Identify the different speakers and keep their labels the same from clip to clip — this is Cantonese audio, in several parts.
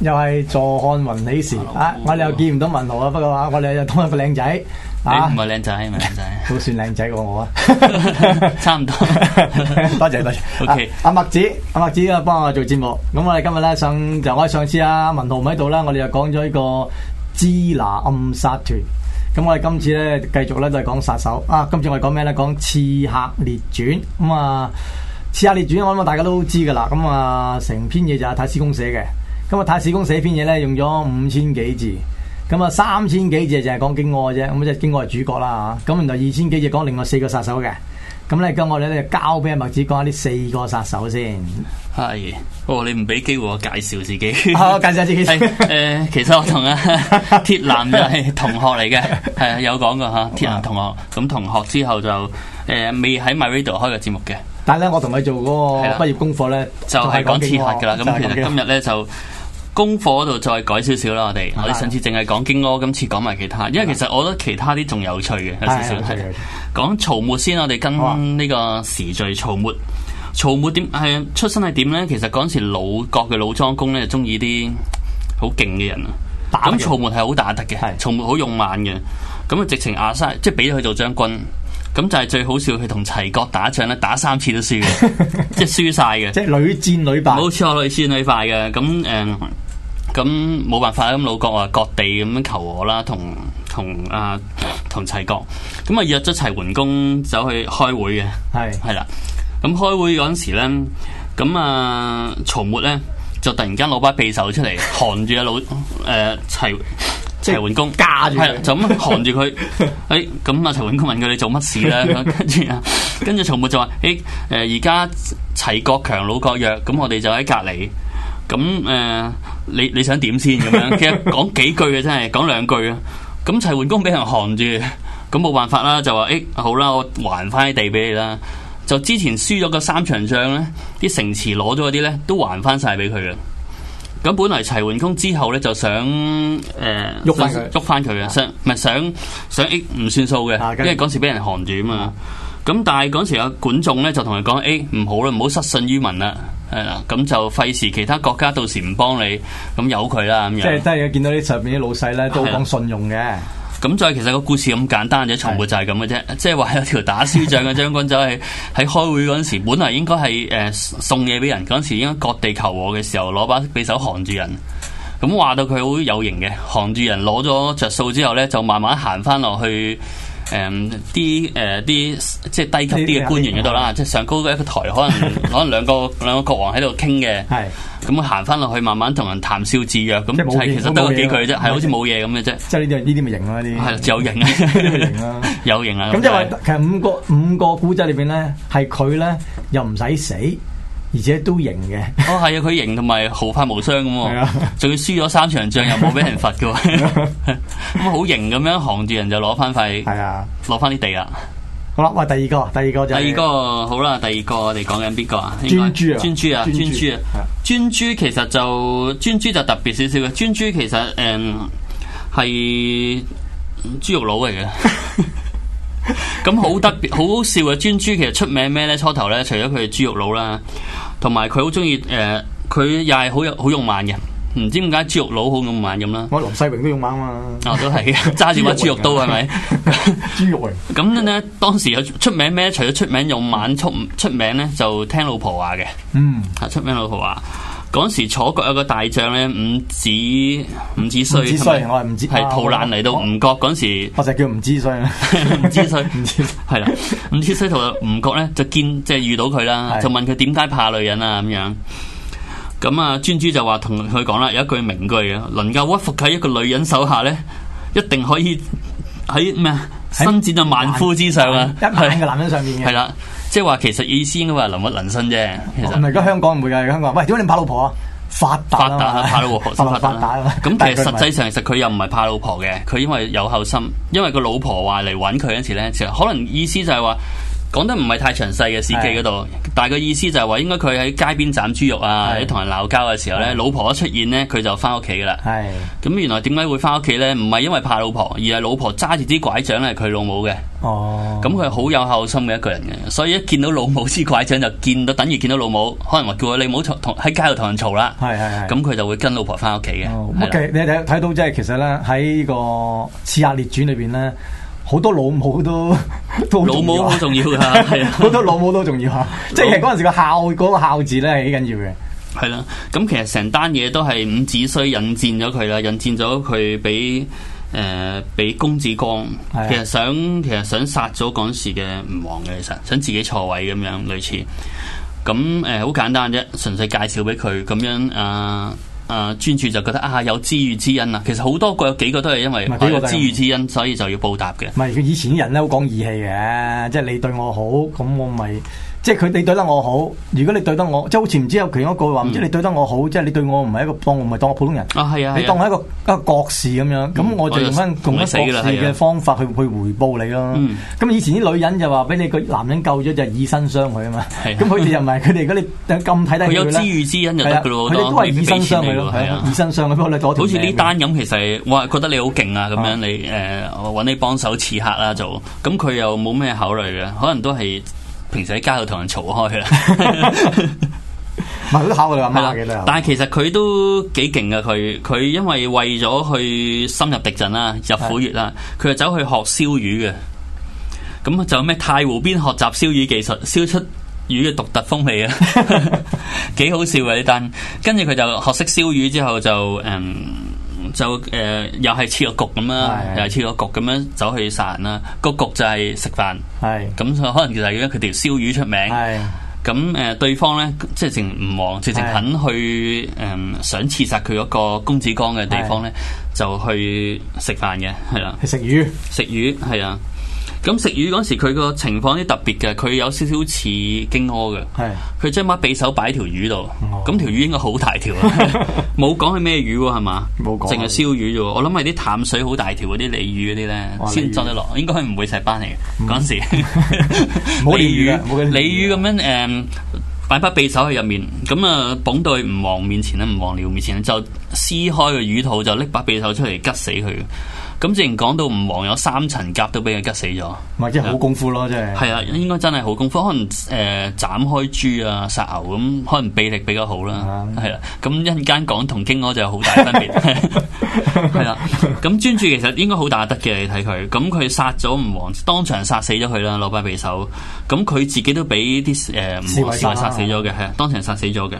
Speaker 1: 又係坐看雲起時啊！我哋又見唔到文豪啊，不過話我哋又當一個靚仔也 啊！唔
Speaker 2: 係靚仔咩？靚仔
Speaker 1: 都算靚仔過我啊， 差唔不多。多 謝多謝。阿墨 Okay.、啊、子，阿墨子啊，幫我做節目。咁 我哋今日咧上就我哋上次阿文豪唔喺度啦，我哋又講咗呢個《支拿暗殺團》。咁我哋今次咧繼續咧都係講殺手啊！今次我哋講咩咧？講、啊《刺客列傳》。咁啊，《刺客列傳》我諗大家都知噶啦。咁啊，成篇嘢就係太史公寫嘅。咁啊，太史公寫篇嘢咧，用咗五千幾字，咁啊三千幾字就係講荊軻啫，咁即係荊軻係主角啦吓，咁然後二千幾字講另外四個殺手嘅，咁咧我哋咧就交俾阿麥子講下呢四個殺手先。係、哎，
Speaker 2: 哦你唔俾機會我介紹自己，好、 啊、介紹自己。誒、哎呃，其實我同阿鐵男就係同學嚟嘅，係、 哎、有講過吓，鐵男同學，咁同學之後就誒、呃、未喺 MyRadio 開個節目嘅，
Speaker 1: 但係咧我同佢做嗰個畢業功課咧就係講哲學噶啦，咁其實今日
Speaker 2: 咧 就。功課嗰度再改少少啦，我哋我哋上次淨係講荊軻，今次講埋其他，因為其實我覺得其他啲仲有趣嘅，有少少係講曹沫先，我哋跟呢個時序曹沫，曹沫點係出身係點咧？其實嗰陣時魯國嘅魯莊公咧，就中意啲好勁嘅人啊，咁力曹沫係好打得嘅，曹沫好用眼嘅，咁啊直情壓晒，即係俾佢做將軍。咁就係最好笑，佢同齊國打仗咧，打三次都輸嘅， 即係輸晒嘅，即
Speaker 1: 係屢戰屢敗。
Speaker 2: 冇錯，屢戰屢敗嘅。咁、嗯、誒、咁、嗯、冇、嗯嗯嗯、辦法啦。咁魯國話各地咁樣求和啦，同同啊同齊國，咁、嗯、啊約咗齊桓公走去開會嘅。係係啦。咁、嗯、開會嗰陣時咧，咁、嗯、啊曹沫咧就突然間攞把匕首出嚟，扛住阿魯。誒、呃、齊。 齊桓公架住，對就咁扛住佢。哎，咁、呃、啊，齊桓公問佢你做乜事咧？跟住啊，跟住曹沫就話：哎，誒而家齊國強，魯國弱，咁我哋就喺隔籬。咁誒、呃，你你想點先咁樣？其實講幾句嘅真係講兩句啊。咁、 嗯、齊桓公俾人扛住，咁冇辦法啦，就話：哎，好啦，我還翻啲地俾你啦。就之前輸咗個三場仗咧，啲城池攞咗嗰啲咧，都還翻晒俾佢嘅。咁本嚟齊桓公之後咧就想誒喐翻佢，喐翻佢嘅，想唔係想想益唔算數嘅，啊、因為嗰時俾人韓住啊嘛。咁、嗯、但係嗰時啊管仲咧就同佢講：誒、欸、唔好啦，唔好失信於民啦，係啦，咁就費事其他國家到時唔幫你，咁、嗯、由佢啦咁樣。即係
Speaker 1: 都係見到啲上邊啲老細咧都好講信用嘅。對 對
Speaker 2: 咁再其實個故事咁簡單啫，重複就係咁嘅啫，是即係話有條打輸仗嘅將軍就係喺開會嗰陣時， 本來應該係誒送嘢俾人，嗰陣時應該割地求和嘅時候攞把匕首扛住人，咁話到佢好有型嘅，扛住人攞咗着數之後呢，就慢慢行翻落去。誒啲誒啲即係低級啲嘅官員嗰度啦，即係些上高一個台，可能 可能兩個兩個國王喺度傾嘅，咁行翻落去慢慢同人談笑自若，咁即係其實得個幾句啫，係好似冇嘢咁嘅
Speaker 1: 啫。即係呢啲呢啲咪型啊，啲係有
Speaker 2: 型啊，對是有型啊。咁即係
Speaker 1: 其實五個五個故仔裏邊咧，係佢咧又唔使死。而且都型嘅、 哦，哦
Speaker 2: 係啊，佢型同埋毫髮無傷咁，仲 要輸咗三場仗又冇俾人罰嘅，咁好型咁樣行住人就攞翻塊，係啊， 攞翻啲地啦。
Speaker 1: 好啦，喂，第二個，第二個、就是、第二個
Speaker 2: 好啦，第二個我哋講緊邊個啊？專諸啊，專在諸啊，專諸啊，專諸，諸其實就專諸就特別少少嘅，專諸其實誒係、嗯、豬肉佬嚟嘅。 咁好 特別，好好笑嘅專諸其實出名咩咧？初頭咧，除咗佢係豬肉佬啦，同埋佢好中意誒，佢又係好有好勇猛嘅，唔知點解豬肉佬好勇猛咁啦。
Speaker 1: 我林世榮都勇猛啊，嘛，啊都係揸住把豬肉刀係咪？豬 肉
Speaker 2: 人。咁咧， 當時有出名咩？除咗出名勇猛出，出名咧就聽老婆話嘅。
Speaker 1: 嗯，
Speaker 2: 係出名老婆話。嗯嗰時楚國有個大將咧，伍子伍子胥係逃難嚟到吳國嗰時，
Speaker 1: 或者叫伍子胥，伍
Speaker 2: 子胥係啦，伍子胥同到吳國咧就見即係、就是、遇到佢啦， 就問佢點解怕女人啊咁樣。咁啊，專諸就話同佢講啦，有一句名句啊，能夠屈服喺一個女人手下咧，一定可以喺咩啊，伸展到萬夫之上啊，一萬個男人上面嘅。 即係話其實意思應該話能屈能伸啫，其
Speaker 1: 實。唔係而家香港唔會噶，而家話喂，點解你怕老婆啊？發達啦，怕老婆發達，發達。咁但係實際
Speaker 2: 上，其實佢又唔係怕老婆嘅，佢因為有後心，因為個老婆話嚟揾佢嗰時咧，其實可能意思就係話。講得唔係太詳細嘅史記嗰度，但係意思就係話，應該佢喺街邊斬豬肉啊，喺同是人鬧交嘅時候咧，老婆一出現咧，佢就翻屋企噶啦。係咁是原來點解會翻屋企咧？唔係因為怕老婆，而係老婆揸住啲拐杖係佢老母嘅。哦，咁佢係好有孝心嘅一個人嘅，所以一見到老母支拐杖就見到等於見到老母，可能話叫你唔好同喺街度同人嘈啦。係係係，咁佢、嗯、就會跟老婆翻屋企嘅。哦、的 okay,
Speaker 1: 你睇睇到即係其實咧喺呢個刺客列傳裏邊咧。呢好多老母都，都啊、老母好重
Speaker 2: 要噶、啊，好
Speaker 1: 多老母都重要吓、啊。 即係其實嗰陣時個孝個孝字咧，係幾緊要嘅。
Speaker 2: 係啦，咁其實成單嘢都係伍子胥引薦咗佢啦，引薦咗佢俾誒俾公子光。啊、其實想其實想殺咗嗰陣時嘅吳王嘅，其實想自己坐位咁樣類似。咁誒，好、呃、簡單啫，純粹介紹俾佢咁樣啊。呃誒、呃、專注就覺得啊有知遇之恩啦、啊，其實好多個有幾個都係
Speaker 1: 因為呢個知遇之
Speaker 2: 恩，所以就要報答嘅。
Speaker 1: 唔係以前啲人咧好講義氣嘅，即係你對我好，咁我咪。即係佢哋對得我好。如果你對得我，即係好似唔知有其中一句話，唔知你對得我好，即係你對我唔係一個當，唔係當個普通人。啊，係啊！你當係一個一個國士咁樣。咁我就用翻同一個國士嘅方法去去回報你咯。咁以前啲女人就話俾你個男人救咗就以身相許啊嘛。咁佢哋又唔係佢哋，如果你咁睇得佢。佢有知遇之恩就得。佢哋都係以身相許以身相許。好似呢
Speaker 2: 單咁，其實我係覺得你好勁啊！咁樣你誒揾你幫手刺客啦，就咁佢又冇咩考慮嘅，可能都係。平時喺街度同人嘈
Speaker 1: 開啦，但係
Speaker 2: 其實佢都幾勁㗎，佢佢因為為咗去深入敵陣啦，入虎穴啦，佢就走去學燒魚嘅。咁就咩太湖邊學習燒魚技術，燒出魚嘅獨特風味啊， 幾好笑嘅呢單，跟住佢就學識燒魚之後就誒。Um, 就誒又係切個局咁啦，又係切個局咁樣，是的 咁樣走去殺人啦。個局就係食飯，咁就是的 可能其實因為佢條燒魚出名，咁誒是的、呃、對方咧即係情唔忙，直情肯去誒、呃、想刺殺佢嗰個公子光嘅地方咧，是的 就去食飯嘅，係啦，食魚食魚係啊。咁食魚嗰時，佢個情況啲特別嘅，佢有少少似荊軻嘅。係，佢將把匕首擺喺條魚度，咁條魚應該好大條，冇講係咩魚係嘛？冇講，淨係燒魚啫。我諗係啲淡水好大條嗰啲鯉魚嗰啲咧，先捉得落，應該係唔會石斑嚟嘅。嗰時，鯉魚，鯉魚咁樣誒，擺把匕首喺入面，咁啊，捧到去吳王面前咧，吳王僚面前，就撕開個魚肚，就拎把匕首出嚟，吉死佢。咁正然講到吳王有三層甲都俾佢吉死咗，咪
Speaker 1: 或者好功夫咯，即係
Speaker 2: 係啊，應該真係好功夫，可能誒斬、呃、開豬啊殺牛咁，可能臂力比較好啦，係啦的。咁一陣間講同荊軻就有好大分別，係啦。 咁、嗯、專諸其實應該好打得嘅，你睇佢，咁佢殺咗吳王，當場殺死咗佢啦，攞把匕首。咁佢自己都俾啲誒吳王殺死咗嘅，係啊，當場殺死咗嘅。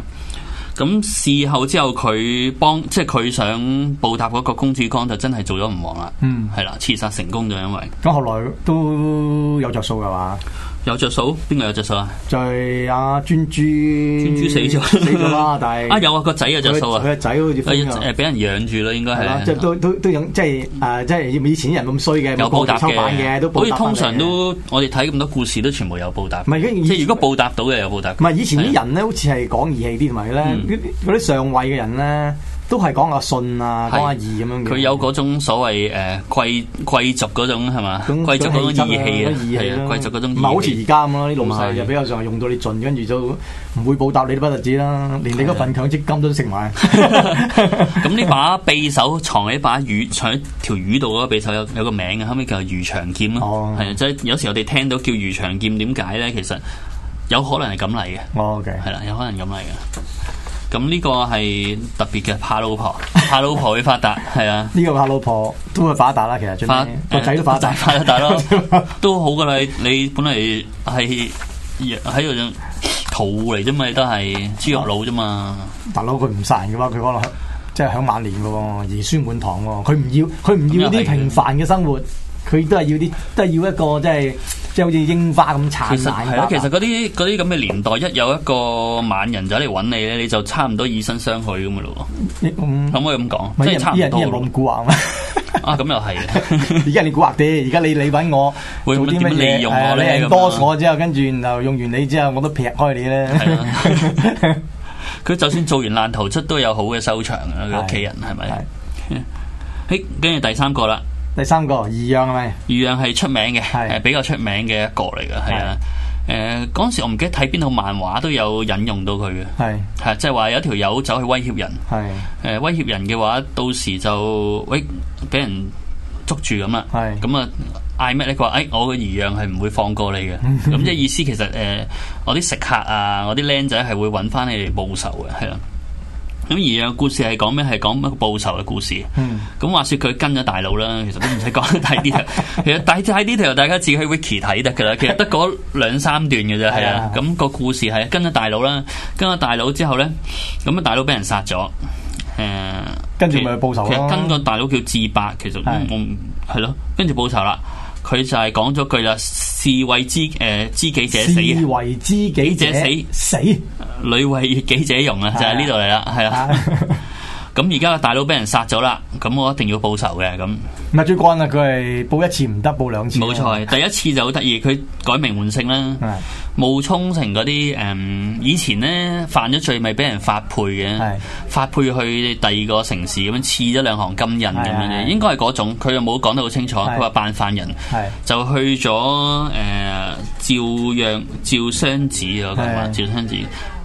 Speaker 2: 咁事後之後幫，佢幫即係佢想報答嗰個公子光，就真係做咗吳王啦。嗯，係啦，刺殺成功咗，因為
Speaker 1: 咁、嗯、後來都有着數㗎嘛。
Speaker 2: 有著數？邊個有著數啊？
Speaker 1: 就係阿專諸，專諸死咗，死咗啦。但
Speaker 2: 係啊，有啊，個仔有著數啊。佢個仔好似誒誒，俾人養住啦，應該係。即
Speaker 1: 係都都都即係誒，即係以前啲人咁衰嘅，有報答嘅。所以通常都
Speaker 2: 我哋睇咁多故事，都全部有報答。唔係，即係如果報答到嘅有報答。唔係以前啲人
Speaker 1: 咧，好似係講義氣啲同埋咧，嗰啲上位嘅人咧。都係講阿信啊，講阿義咁樣。佢
Speaker 2: 有嗰種所謂誒貴貴族嗰種係嘛？貴族嗰種義氣啊，貴族嗰種。咪好似而家咁咯，啲老細就比
Speaker 1: 較上用到你盡，跟住就唔會報答你，都不得止啦，連你嗰份強積金都食埋。
Speaker 2: 咁呢把匕首藏喺把魚，藏喺條魚度嗰個匕首有有個名嘅，後尾叫魚腸劍咯。係啊，即係有時我哋聽到叫魚腸劍，點解咧？其實有可能係咁嚟嘅。哦，OK。係啦，有可能咁嚟嘅。咁呢個係特別嘅，怕老婆，怕老婆會發達，係 啊，
Speaker 1: 呢個怕老婆都會發達啦，其實最尾個仔都發達，發
Speaker 2: 達咯， 都好噶啦，你本嚟係喺度做屠嚟啫嘛，都係豬肉佬啫嘛，
Speaker 1: 大佬佢唔散嘅嘛，佢可能即係享晚年嘅喎，兒孫滿堂喎，佢唔要佢唔要啲平凡嘅生活。佢都係要啲，都係要一個即係，即係好似櫻花咁燦爛。其實係其實
Speaker 2: 嗰啲啲咁嘅年代，一有一個猛人就嚟揾你咧，你就差唔多以身相許咁噶咯。咁、嗯、可，可以咁講，即係、嗯、差唔多，依人依人冇
Speaker 1: 咁蠱惑 啊！咁又係，而 家你蠱惑啲，而家你你揾我做啲乜嘢？係、啊、你多我之後，跟住然後用完你之後，我都劈開你咧。
Speaker 2: 佢 是的 就算做完爛頭出，都有好嘅收場啊！佢屋企人係咪？跟住第三個啦。
Speaker 1: 第三個豫讓係咪？
Speaker 2: 豫讓係出名嘅，係是比較出名嘅一個嚟嘅，係是啊。誒、呃，嗰時我唔記得睇邊套漫畫都有引用到佢嘅，係係是、啊、即係話有條友走去威脅人，係誒是、呃、威脅人嘅話，到時就喂俾、哎、人捉住咁啦，係咁啊！嗌咩？咧佢話：，誒、哎，我嘅豫讓係唔會放過你嘅，咁即係意思其實誒、呃，我啲食客啊，我啲僆仔係會揾翻你哋報仇嘅，係啊。咁而個故事係講咩？係講一個報仇嘅故事。咁、嗯、話說佢跟咗大佬啦，其實都唔使講得太啲啦。 其實大太啲 detail 大家自己去 wiki 睇得噶啦。其實得嗰兩三段嘅啫，係 啊。咁、嗯那個故事係跟咗大佬啦，跟咗大佬之後咧，咁啊大佬俾人殺咗。誒、呃，跟住咪去報仇咯。其實跟個大佬叫智伯，其實我係咯、啊啊，跟住報仇啦。佢就係講咗句啦，是為知誒知己者死，
Speaker 1: 為知己者死者死，
Speaker 2: 女為悅己者容啊， 就係呢度嚟啦，係啊。咁而家個大佬俾人殺咗啦，咁我一定要報仇嘅咁。
Speaker 1: 唔係追慣啦，佢係報一次唔得，報兩次。冇錯，
Speaker 2: 第一次就好得意，佢改名換姓啦，冒充成嗰啲誒，以前咧犯咗罪咪俾人發配嘅，是的 發配去第二個城市咁樣，刺咗兩行金印咁樣嘅，是的 應該係嗰種。佢又冇講得好清楚，佢話扮犯人，係是的 就去咗誒，趙襄，趙襄子啊，咁話趙襄子。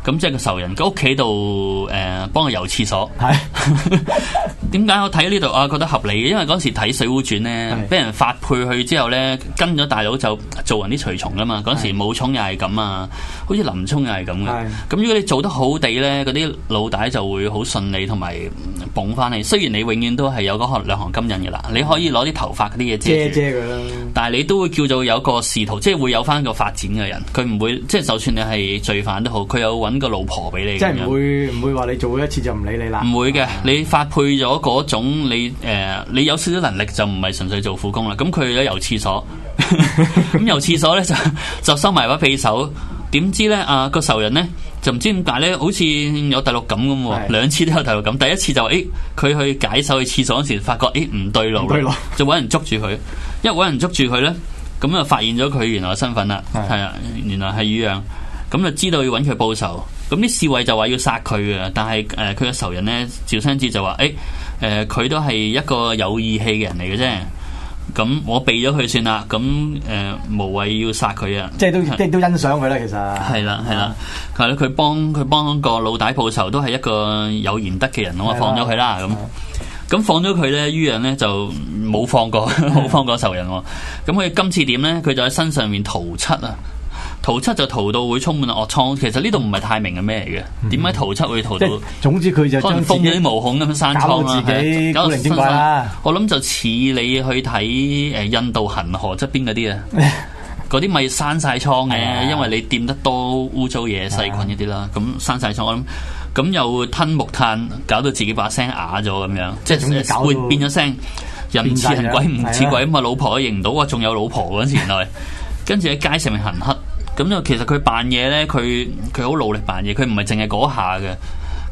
Speaker 2: 咁即係個仇人，佢屋企度誒，幫佢游廁所。係， 點解我睇呢度啊？覺得合理嘅，因為嗰時睇《水滸傳》咧，俾人發配去之後咧，跟咗大佬就做人啲隨從噶嘛。嗰時武松又係咁啊，好似林沖又係咁嘅。咁是的 如果你做得好地咧，嗰啲老大就會好順利同埋捧翻你。雖然你永遠都係有嗰行兩行金印噶啦，你可以攞啲頭髮嗰啲嘢遮遮佢啦。但係你都會叫做有個仕途，即係會有翻個發展嘅人。佢唔會即係，就算你係罪犯都好，佢有揾個老婆俾你。即係唔
Speaker 1: 會唔樣會話你做一次就唔理你啦。
Speaker 2: 唔會嘅，嗯、你發配咗嗰種你誒、呃，你有少少能力就唔係純粹做苦工啦。咁佢去咗游廁所，咁游、嗯、 廁所咧就就收埋把匕首。點知咧？啊，個仇人咧就唔知點解咧，好似有第六感咁喎，兩是的 次都有第六感。第一次就誒，佢、欸、去解手去廁所嗰時，發覺誒唔、欸、對路，對就揾人捉住佢。一揾人捉住佢咧，咁啊發現咗佢原來嘅身份啦，係啊是的，原來係豫讓，咁就知道要揾佢報仇。咁啲侍衛就話要殺佢嘅，但係誒佢個仇人咧，趙襄子就話誒，誒、欸、佢、呃、都係一個有義氣嘅人嚟嘅啫。咁我避咗佢算啦，咁誒、呃、無謂要殺佢啊！即
Speaker 1: 係都即係都欣賞佢啦，其實係
Speaker 2: 啦係啦，係咯佢幫佢幫個老大報仇，都係一個有賢德嘅人，我的放咗佢啦咁。咁的放咗佢咧，豫讓咧就冇放過冇的 放過仇人。咁佢今次點咧？佢就喺身上面塗漆。啊！塗漆就塗到會充滿惡瘡，其實呢度唔係太明嘅咩嘢嘅，點解塗漆會塗到？即
Speaker 1: 係總之佢就將封住
Speaker 2: 啲毛孔咁樣生瘡啊，搞到自己搞到變怪啦。我諗就似你去睇，誒，印度恒河側邊嗰啲啊，嗰啲咪生晒瘡嘅，因為你掂得多污糟嘢、細菌嗰啲啦，咁生晒瘡。我諗咁又吞木炭，搞到自己把聲啞咗咁樣，即係會變咗聲人似人鬼唔似鬼啊嘛！老婆都認唔到啊，仲有老婆嗰陣時，原來跟住喺街上面行乞。咁就其實佢扮嘢呢，佢佢好努力扮嘢，佢唔係淨係嗰下嘅，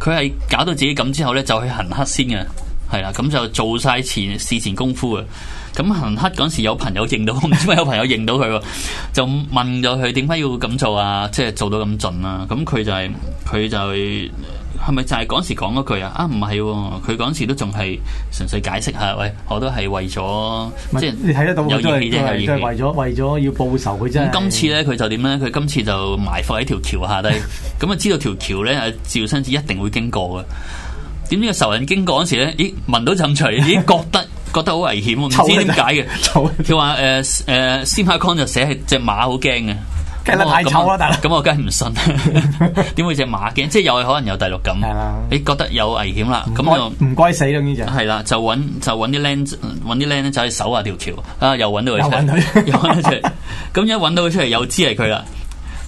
Speaker 2: 佢係搞到自己咁之後呢，就去行乞先嘅，係啊，咁就做晒前事前功夫啊，咁行乞嗰時有朋友認到，點解有朋友認到佢喎？就問咗佢點解要咁做啊？即係做到咁盡啊。咁佢就係佢就。係咪就係嗰時講嗰句啊？啊，唔係、哦，佢嗰時都仲係純粹解釋下，喂，我都係為咗，
Speaker 1: 是即係是你睇得到有，有意味啫，有意味。為咗為咗要報仇佢啫。咁、嗯、今
Speaker 2: 次咧，佢就點咧？佢今次就埋伏喺條橋下低。咁啊，知道條橋咧趙襄子一定會經過嘅。點知個仇人經過嗰時咧，咦，聞到陣臭，咦，覺得覺得好危險，唔 知點解嘅。佢話誒誒，司、呃呃、馬光就寫係隻馬好驚嘅。太醜啦，大佬。咁我梗係唔信。點 會隻馬驚？即係又係可能有第六感。係啦、 欸，你覺得有危險啦，咁就唔該死咯呢隻。係啦，就揾就啲僆揾啲僆仔去守下條橋。啊，又揾到佢出嚟。又咁一揾到佢出嚟， 又知係佢啦。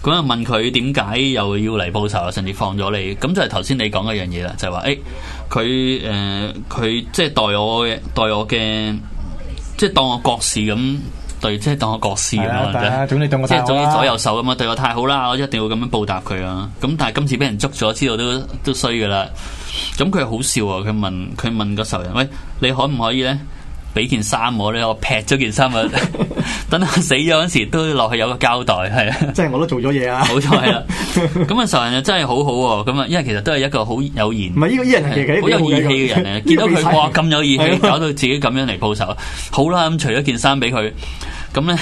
Speaker 2: 咁啊問佢點解又要嚟報仇啊？甚至放咗你。咁就係頭先你講一樣嘢啦，就係話誒，佢、欸、誒，佢、呃、即係代我嘅，代我嘅，即係當我，我，我國士咁。對，即係當我國士咁啊！的即係總之左右手咁啊！對我太好啦，我一定要咁樣報答佢啊！咁但係今次俾人捉咗，之後都都衰噶啦！咁佢好笑啊、哦！佢問佢問個仇人：，喂，你可唔可以咧？俾件衫我咧，我劈咗件衫啊！等下死咗嗰時都落去有個交代，係啊！
Speaker 1: 即係我都做咗嘢啊！冇錯，係啦。
Speaker 2: 咁啊，仇人就真係好好喎。咁啊，因為其實都係一個好有言，唔係呢個人係好有義氣嘅人嚟，這個、人見到佢哇咁有義氣，搞 到自己咁樣嚟報仇。好啦，咁、嗯、除咗件衫俾佢，咁、嗯、咧，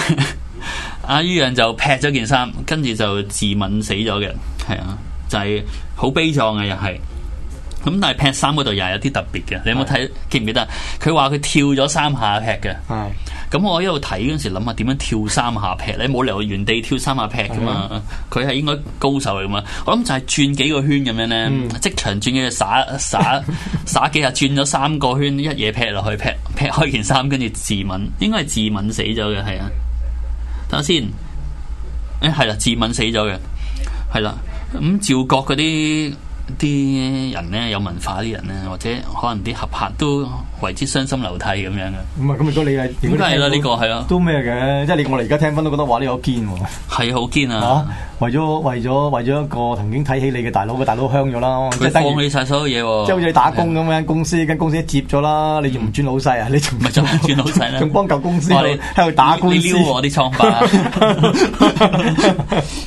Speaker 2: 阿、嗯、豫、啊、人就劈咗件衫，跟住就自刎死咗嘅。係、就是、啊，就係好悲壯嘅又係。咁但係劈衫嗰度又係有啲特別嘅，你有冇睇？記唔記得？佢話佢跳咗三下劈嘅。咁的我一度睇嗰陣時，諗下點樣跳三下劈咧？冇理由原地跳三下劈噶嘛。佢係的應該高手嚟噶嘛。我諗就係轉幾個圈咁樣呢，嗯、即場轉嘅耍耍耍幾下，轉咗三個圈，一嘢劈落去劈劈開件衫，跟住自刎。應該係自刎死咗嘅，係啊。等下先。誒係啦，自刎死咗嘅，係啦。咁、嗯、趙國嗰啲。啲人咧有文化啲人咧，或者可能啲合客都為之傷心流涕咁樣
Speaker 1: 嘅。唔係咁，如果你係咁解？係啦，呢、呢個係咯，都咩嘅？即係你我哋而家聽翻都覺得話你好堅喎，係好堅啊！為咗為咗為咗一個曾經睇起你嘅大佬嘅大佬香咗啦，佢幫你
Speaker 2: 晒所有嘢、啊，即好似你
Speaker 1: 打工咁樣吧，公司間公司接咗啦，你仲唔轉老細啊？你仲唔係仲轉老細？仲幫舊公司喺度在打工，撩我啲創辦，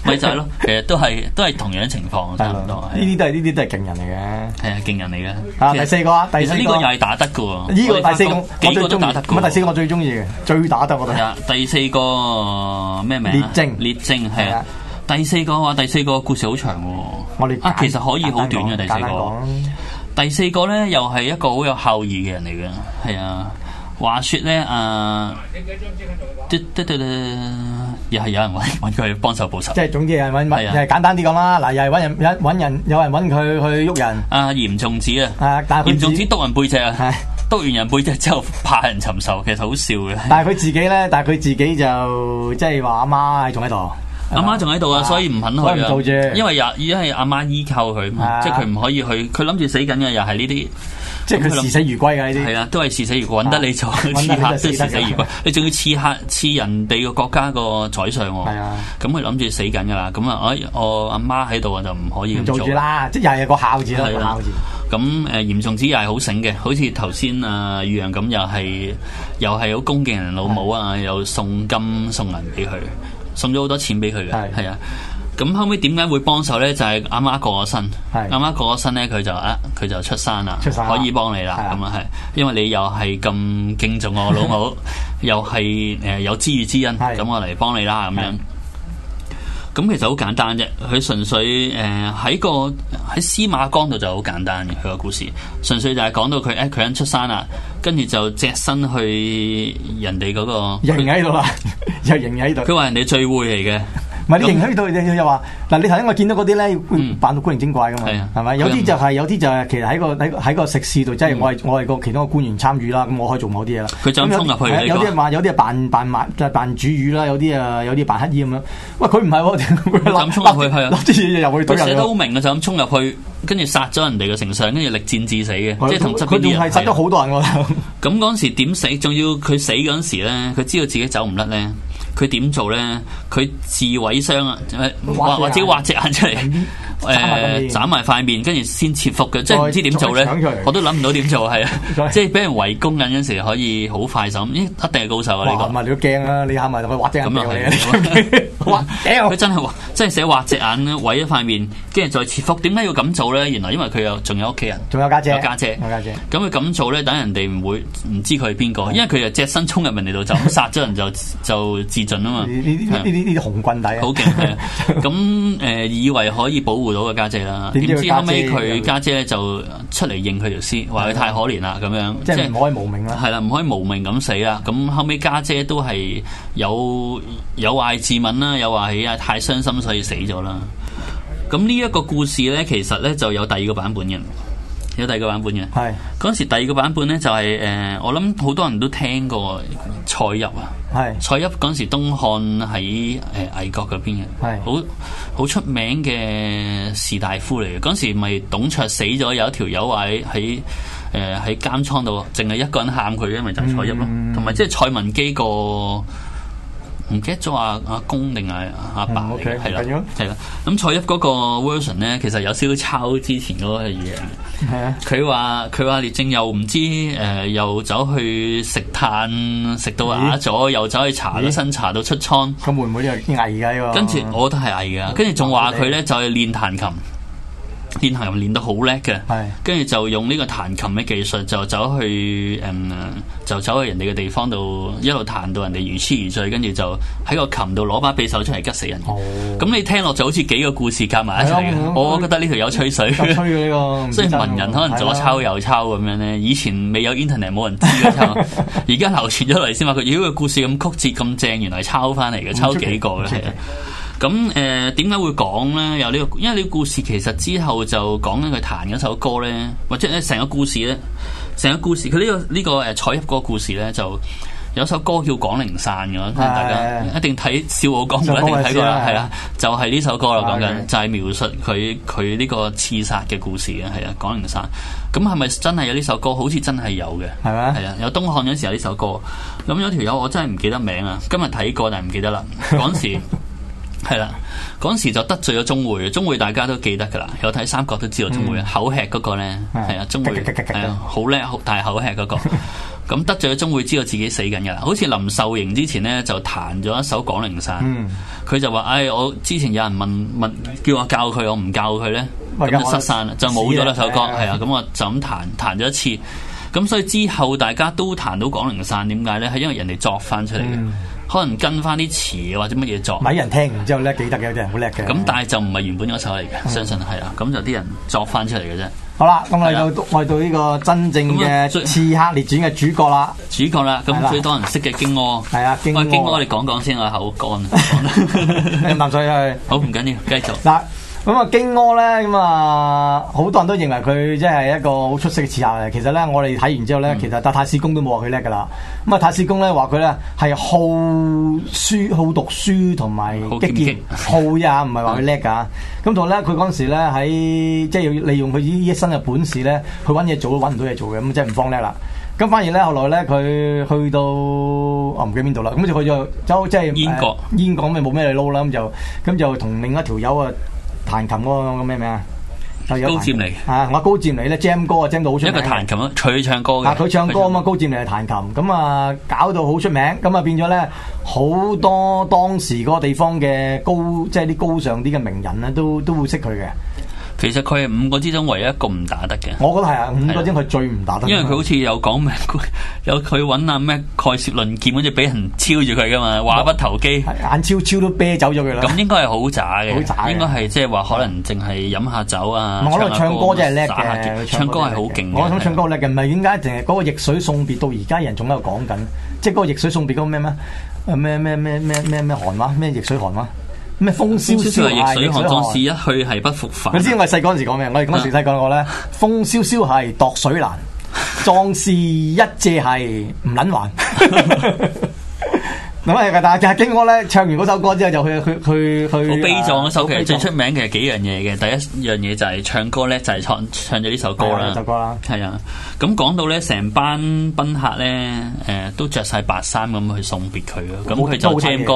Speaker 2: 咪就係咯，其實都係都係同樣情況，差唔
Speaker 1: 多，呢啲 都係呢啲。啲都係勁人嚟嘅，係啊勁人嚟嘅。啊，第四個啊，第呢個又係
Speaker 2: 打得嘅喎。依個第
Speaker 1: 四個，我最中，第四個我最中意嘅，最打得我哋。
Speaker 2: 第四個咩名？聶政，聶政係啊。第四個啊，第四個故事好長喎。我列啊，其實可以好短嘅第四個。第四個咧，又係一個好有孝義嘅人嚟嘅，係啊。話說咧，誒，又係有人揾佢幫手報仇。
Speaker 1: 即係總之係揾揾，係簡單啲講啦。嗱，又係揾人，有人，有人揾佢去喐人。
Speaker 2: 啊，嚴仲子啊，嚴仲子督人背脊啊，督完人背脊之後怕人尋仇，其實好笑嘅。但係
Speaker 1: 佢自己咧，但係佢自己就即係話阿媽仲喺度，阿媽
Speaker 2: 仲喺度啊，所以唔肯去。因為又已經係阿媽依靠佢，即係佢唔可以去。佢諗住死緊嘅，又係呢啲。即係佢視死如歸㗎呢啲，係些啊，都係視死如揾得你財，刺客都視死如歸。啊、得你仲 要刺客刺人哋個國家個宰相喎、哦。係啊，咁佢諗住死緊㗎啦。咁、嗯哎、啊，我我阿媽喺度啊，就唔可以做住啦。
Speaker 1: 即係又係個孝字啦，孝字。
Speaker 2: 咁誒嚴仲子又係好醒嘅，好似頭先啊，豫讓咁又係又係好恭敬人老母啊，又送金送銀俾佢，送咗好多錢俾佢嘅。係啊。咁後尾點解會幫手咧？就係阿媽過咗身，阿媽是過咗身咧，佢就啊，佢就出山啦，出山可以幫你啦，咁啊係，因為你又係咁敬重我老母， 又係誒有知遇之恩，咁我嚟幫你啦咁樣。咁其實好簡單啫，佢純粹誒喺、呃、個喺司馬光度就好簡單嘅佢個故事，純粹就係講到佢誒佢肯出山啦，跟住就隻身去人哋、那、嗰個，人
Speaker 1: 喺度啦，又 人喺度，佢
Speaker 2: 話人哋聚會嚟嘅。
Speaker 1: 唔係你形虛度，你又話嗱，你頭先我見到嗰啲咧，扮到古靈精怪噶嘛，係咪？有啲就係，有啲就係，其實喺個喺喺個食肆度，即係我係我係個其中個官員參與啦，咁我可以做某啲嘢啦。佢就咁衝入去，有啲話有啲係扮扮賣，即係扮主語啦，有啲啊有啲扮乞兒咁樣。喂，佢唔係，佢咁衝入去，攞啲嘢又會。寫得好
Speaker 2: 明嘅就咁衝入去，跟住殺咗人哋嘅丞相，跟住力戰至死嘅，即係同佢仲係殺咗
Speaker 1: 好多人㗎。
Speaker 2: 咁嗰時點死？仲要佢死嗰陣時咧，佢知道自己走唔甩咧。佢點做咧？佢自毀傷啊，或、呃、或者畫隻眼出嚟，嗯誒，斬埋塊面，跟住先切腹嘅，即係唔知點做咧，我都諗唔到點做，係啊，即係俾人圍攻緊嗰陣時，可以好快手，咦，一定係高手啊呢個，吓
Speaker 1: 埋你都驚啊，你喊埋佢畫隻眼過嚟，畫佢真係
Speaker 2: 畫，真係寫畫隻眼，毀咗塊面，跟住再切腹。點解要咁做咧？原來因為佢有仲有屋企人，
Speaker 1: 仲有家姐，家姐，家姐，
Speaker 2: 咁佢咁做咧，等人哋唔會唔知佢係邊個，因為佢就隻身衝入人嚟度就殺咗人就就自盡啊嘛，呢
Speaker 1: 啲呢紅棍底，好勁，
Speaker 2: 咁誒以為可以保護。到個家姐啦，點知後尾，佢家姐就出嚟認佢條屍，話佢太可憐啦咁樣，即係唔可以無名啦，係啦，唔可以無名咁死啦。咁後尾，家姐都係有有愛自刎啦，有話係啊，太傷心所以死咗啦。咁呢一個故事咧，其實咧就有第二個版本嘅。有第二個版本嘅，嗰是時第二個版本咧就係、是、誒、呃，我諗好多人都聽過蔡邕啊，是蔡邕嗰時東漢喺誒、呃、魏國嗰邊嘅，好好是出名嘅士大夫嚟嘅。嗰時咪董卓死咗，有一條友喺喺誒喺監倉度，淨係一個人喊佢，因為就係、蔡邕咯，同埋即係蔡文姬、那個。唔記得咗阿阿公定係阿爸嚟，嗯、okay, 的係啦、啊，係啦。咁蔡依嗰個 version 咧，其實有少少抄之前嗰個嘢。係啊的，佢話佢話聶政又唔知誒、呃，又走去食炭，食到啞咗，欸、又走去查身查到出瘡。咁會唔會
Speaker 1: 因為偽㗎？跟住
Speaker 2: 我都係偽㗎。跟住仲話佢咧就係、是、練彈琴。練琴又練得好叻嘅，跟住是的 就用呢個彈琴嘅技術，就走去，嗯、um,，就走去人哋嘅地方度，一路彈到人哋如痴如醉，跟住就喺個琴度攞把匕首出嚟吉死人。咁、哦嗯、你聽落就好似幾個故事夾埋一齊嘅。的我覺得呢條有吹水，吹、
Speaker 1: 這個、所以文
Speaker 2: 人可能左抄右抄咁樣咧。的啊、以前未有 internet，冇人知嘅時候，而家流傳咗嚟先話。佢如果個故事咁曲折咁正，原來係抄翻嚟嘅，抄幾個嘅。嗯嗯嗯嗯咁誒點解會講咧？由呢個，因為呢個故事其實之後就講緊佢彈咗首歌咧，或者咧成個故事咧，成個故事佢呢個呢個誒採、呃、入歌故事咧，就有首歌叫《廣陵散》嘅，大家的一定睇《笑傲江湖》的一定睇過啦，係啦的，就係、係、呢首歌啦，講緊的就係描述佢佢呢個刺殺嘅故事嘅，係啊，《廣陵散》。咁係咪真係有呢首歌？好似真係有嘅，係咩的？係啊，有東漢嗰陣時候有呢首歌。咁有條友我真係唔記得名啊，今日睇過，但係唔記得啦。嗰陣時。 係啦，嗰時就得罪咗鍾會，鍾會大家都記得噶啦。有睇三國都知道鍾會口吃嗰個咧，係啊，鍾會係啊，好叻，好大口吃嗰個。咁得罪咗鍾會，知道自己死緊噶啦。好似臨受刑之前咧，就彈咗一首廣陵散。佢就話：唉，我之前有人問問叫我教佢，我唔教佢咧，咁就失散啦，就冇咗呢首歌。係啊，咁我就咁彈彈咗一次。咁所以之後大家都彈到廣陵散，點解咧？係因為人哋作翻出嚟嘅。可能跟翻啲詞或者乜嘢作，啲人
Speaker 1: 聽完之後叻幾得嘅，有啲人好叻嘅。咁
Speaker 2: 但係就唔係原本嗰首嚟嘅，嗯、相信係啊。咁、嗯、就啲人作翻出嚟嘅啫。
Speaker 1: 好啦，咁我哋到我哋到呢個真正嘅刺客列傳嘅主角啦、嗯，
Speaker 2: 主角啦。咁最多人識嘅荊軻，係啊了，荊軻，我哋講講先，我口乾啊。飲啖
Speaker 1: 水， 係，好唔
Speaker 2: 緊要，繼續
Speaker 1: 嗱。 咁啊，荊軻咧，咁啊，好多人都認為佢即係一個好出色嘅刺客嚟。其實咧，我哋睇完之後咧，嗯、其實但太史公都冇話佢叻噶啦。咁啊，太史公咧話佢咧係好書好讀書同埋擊劍好呀，唔係話佢叻噶。咁同咧，佢嗰陣時咧喺即係要利用佢呢一身嘅本事咧，去揾嘢做都揾唔到嘢做嘅，咁即係唔方叻啦。咁反而咧，後來咧佢去到我唔記得邊度啦，咁就去咗即係燕國，燕國咁咪冇咩嘢撈啦，咁就咁就同另一條友啊。彈琴喎，咁咩名啊？有高漸離啊，同高漸離咧，Jam 哥，啊，Jam 到好出名。一個彈
Speaker 2: 琴啊，佢唱歌嘅。啊，佢唱歌啊
Speaker 1: 嘛，高漸離係彈琴，咁、嗯、啊搞到好出名，咁、嗯、啊變咗咧好多當時個地方嘅高，即係啲高尚啲嘅名人咧，都都會識佢嘅。
Speaker 2: 其實佢係五個之中唯一一個唔打得嘅，
Speaker 1: 我覺得係啊，五個之中佢最唔打得。因為佢
Speaker 2: 好似有講咩，有佢搵啊咩蓋聶論劍嗰隻俾人超住佢噶嘛，話不投機，
Speaker 1: 眼超超都啤走咗佢啦。咁
Speaker 2: 應該係好渣嘅，應該係即係話可能淨係飲下酒啊，唱下歌。我諗唱歌真係叻嘅，唱歌係好勁。我想唱
Speaker 1: 歌叻嘅唔係點解？淨係嗰個易水送別到而家人仲喺度講緊，即係嗰個易水送別嗰咩咩咩咩咩咩咩寒嗎？咩易水寒嗎？咩風蕭蕭係？風蕭蕭亦水寒，壯士一
Speaker 2: 去係不復返。你知唔知我細
Speaker 1: 嗰陣時講咩？我哋咁樣詳細講過咧。風蕭蕭係，度水難，壯士一借係唔捻還。 咁啊！但係荊軻咧唱完嗰首歌之後，就去去去去好悲壯
Speaker 2: 嗰、啊、首。啊、其實悲最出名嘅係幾樣嘢嘅。第一樣嘢就係唱歌叻，就係、是、唱唱咗呢首歌啦。係啊。咁講、啊、到咧，成班賓客咧，誒、呃、都着晒白衫咁去送別佢咁佢就聽歌，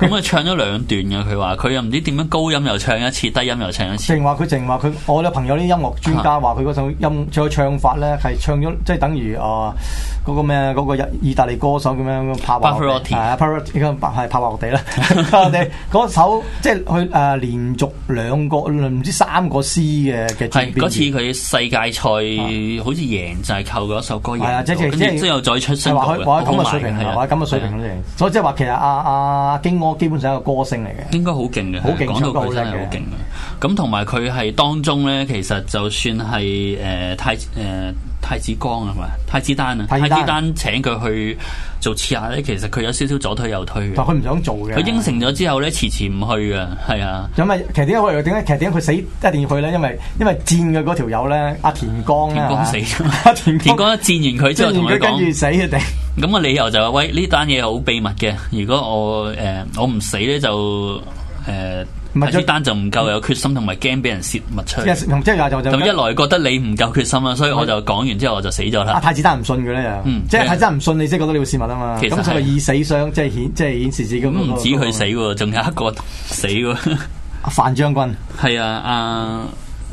Speaker 2: 咁佢唱咗兩段嘅，佢話：佢又唔知點樣高音又唱一次，低音又唱一次。
Speaker 1: 淨話佢淨話佢，我有朋友啲音樂專家話佢嗰首音再唱，唱法咧，係唱咗即係等於啊嗰、呃那個咩嗰、那個意大利歌手咁樣、那個、拍、 啊。啊拍落地啦，嗰首即係佢誒連續兩個唔知三個詩嘅嘅展。嗰次
Speaker 2: 佢世界賽好似贏，就係靠嗰首歌贏。係啊，即係即係之後再出新歌嘅。咁埋係啊，咁嘅水平，
Speaker 1: 所以即係話其實阿阿荊軻基本上係一個歌星嚟嘅。應該好勁嘅，講到佢真好勁
Speaker 2: 嘅。咁同埋佢係當中咧，其實就算係誒泰誒。太子光啊咪？太子丹啊，太子丹，太子丹請佢去做刺客咧，其實佢有少少左推右推嘅。但佢唔
Speaker 1: 想做嘅，佢應
Speaker 2: 承咗之後咧，遲遲唔去嘅，
Speaker 1: 係啊。咁啊，其實點解佢點解其實佢死一定要去咧？因為因為戰嘅嗰條友咧，阿田光。田光死咗。
Speaker 2: 啊、田光。光戰完佢之後同佢講，跟住死佢哋。咁嘅理由就係、是：喂，呢單嘢好秘密嘅，如果我誒、呃、我唔死咧，就、呃、誒。呃太子丹就唔夠有決心，同埋驚俾人泄密出。咁一來覺得你唔夠決心啦，所以我就講完之後我就死咗啦。阿、啊、
Speaker 1: 太子丹唔信佢啦，又，即係太子丹唔信你，先覺得你會泄密啊嘛。咁佢就以，以死相，即係顯，即係顯示自己、那個。唔、嗯、止佢
Speaker 2: 死喎，仲 有一個死喎、
Speaker 1: 啊。樊將軍
Speaker 2: 係 啊，阿、啊、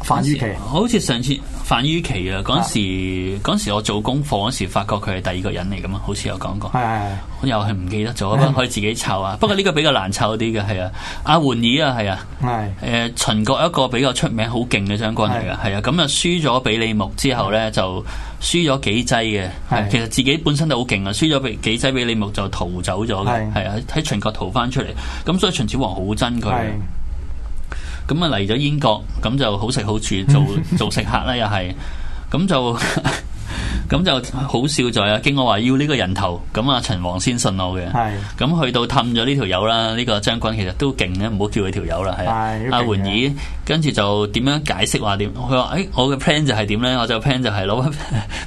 Speaker 2: 樊於期，好似上次。樊於期啊！嗰陣時，嗰陣時我做功課嗰陣時，發覺佢係第二個人嚟㗎嘛，好似有講過。係， 又係唔記得咗，不可以自己湊啊。 不過呢個比較難湊啲嘅，係啊。阿桓齮啊，係啊。係。誒、 啊呃，秦國一個比較出名、好勁嘅將軍嚟嘅，係啊。咁又、 啊嗯、輸咗俾李牧之後咧，就輸咗幾劑嘅、啊。其實自己本身都好勁啊，輸咗俾幾劑俾李牧就逃走咗嘅。係。啊，喺、啊、秦國逃翻出嚟。咁所以秦始皇好憎佢。 咁啊嚟咗英國，咁就好食好住，做做食客啦，又係，咁就。 咁就好笑在阿荊軻話要呢個人頭，咁、啊、阿秦王先信我嘅。咁的去到氹咗呢條友啦，呢、這個將軍其實都勁咧，唔好叫佢條友啦。係阿桓齮，跟住就點樣解釋話點？佢話誒，我嘅 plan 就係點咧，我就 plan 就係攞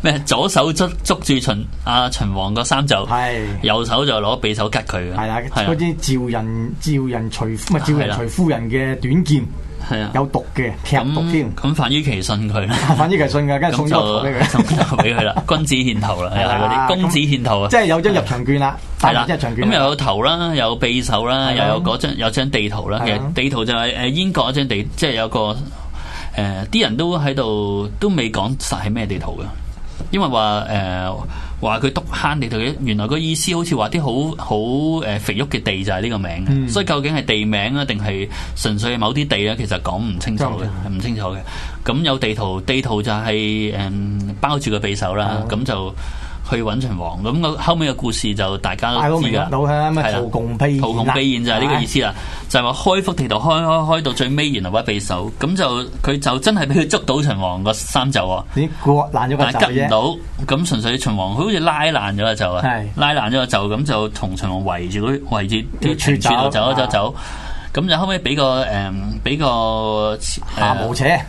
Speaker 2: 咩左手捉住秦阿、啊、秦王個衫袖，的右手就攞匕首拮佢嘅。係啦的，嗰
Speaker 1: 啲趙人趙人徐唔係趙人徐夫人嘅短劍。的係啊，有毒嘅，劇毒添。咁，咁反於其信佢啦。反於其信噶，跟住 送咗頭
Speaker 2: 俾佢，俾佢啦。君子獻頭啦，係嗰啲。的公子獻頭啊、嗯，即係
Speaker 1: 有張入場券啦。係啦的，入場券。咁又、嗯、
Speaker 2: 有頭啦，又有匕首啦，的又有嗰張，有張地圖啦。的其實地圖就係誒，英國一張地，即係有個誒，啲、呃、人都喺度，都未講實係咩地圖噶，因為話誒。呃話佢督亢地圖，原來個意思好似話啲好好誒肥沃嘅地，就係呢個名、嗯、所以究竟係地名啊，定係純粹係某啲地呢，其實講唔清楚嘅，唔、嗯、清楚嘅。咁、嗯、有地圖，地圖就係、是、誒、嗯、包住個匕首啦，咁就。嗯去揾秦王，咁個後尾嘅故事就大家都知噶啦。
Speaker 1: 係啦，圖窮匕，圖窮匕見就係呢個意思啦，
Speaker 2: 的就係話開幅地圖開開開到最尾，然後屈匕首，咁就佢就真係俾佢捉到秦王個衫袖啊！你
Speaker 1: 割爛咗個，但係拮唔到，
Speaker 2: 咁純粹秦王佢好似拉爛咗個袖啊，拉爛咗個袖，咁就同秦王圍住啲位置，啲處處走走走，咁就後尾俾個誒，俾、嗯、個、呃、夏無且。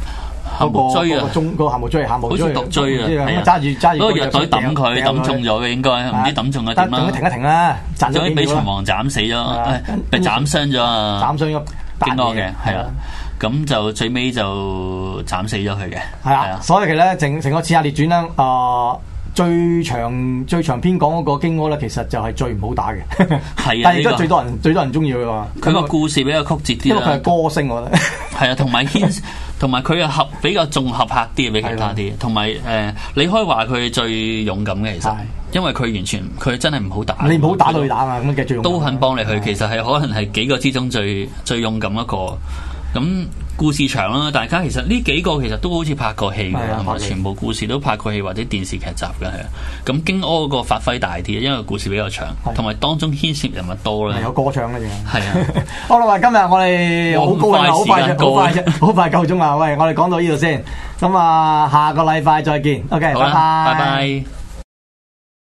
Speaker 2: 夏無且啊，
Speaker 1: 中嗰個夏無且，夏無且，好似毒追啊！係啊，揸住揸住個藥袋抌佢，抌中咗
Speaker 2: 嘅應該，唔知抌中咗點啊？停一停啦，就俾秦王斬死咗，被斬傷咗啊！斬傷咗荊軻嘅，係啊，咁就最尾就斬死咗佢嘅。係
Speaker 1: 啊，所以其實咧，整成個《刺客列傳》啦，啊，最長最長篇講嗰個荊軻咧，其實就係最唔好打嘅，
Speaker 2: 係啊，但係而家最多
Speaker 1: 人最多人中意佢嘛。佢個
Speaker 2: 故事比較曲折啲，因為佢係歌
Speaker 1: 星，我覺得
Speaker 2: 係啊，同埋。同埋佢又合比較重合拍啲，比其他啲，同埋誒，你可以話佢最勇敢嘅，其實，因為佢完全佢真係唔好打，你
Speaker 1: 唔好打對打啊，咁嘅最勇敢，都
Speaker 2: 肯幫你去，其實係可能係幾個之中最最勇敢一個咁。故事長啦，大家其實呢幾個其實都好似拍過戲㗎，的全部故事都拍過戲或者電視劇集㗎，係啊。咁《京柯》嗰個發揮大啲，因為故事比較長，同埋的當中牽涉人物多咧。有
Speaker 1: 歌唱嘅啫。係啊的， 好啦，今日我哋好快，快，快，好快好快啫，好快夠鐘啊！喂，我哋講到呢度先，咁啊，下個禮拜再見。OK，啊、拜拜。拜拜。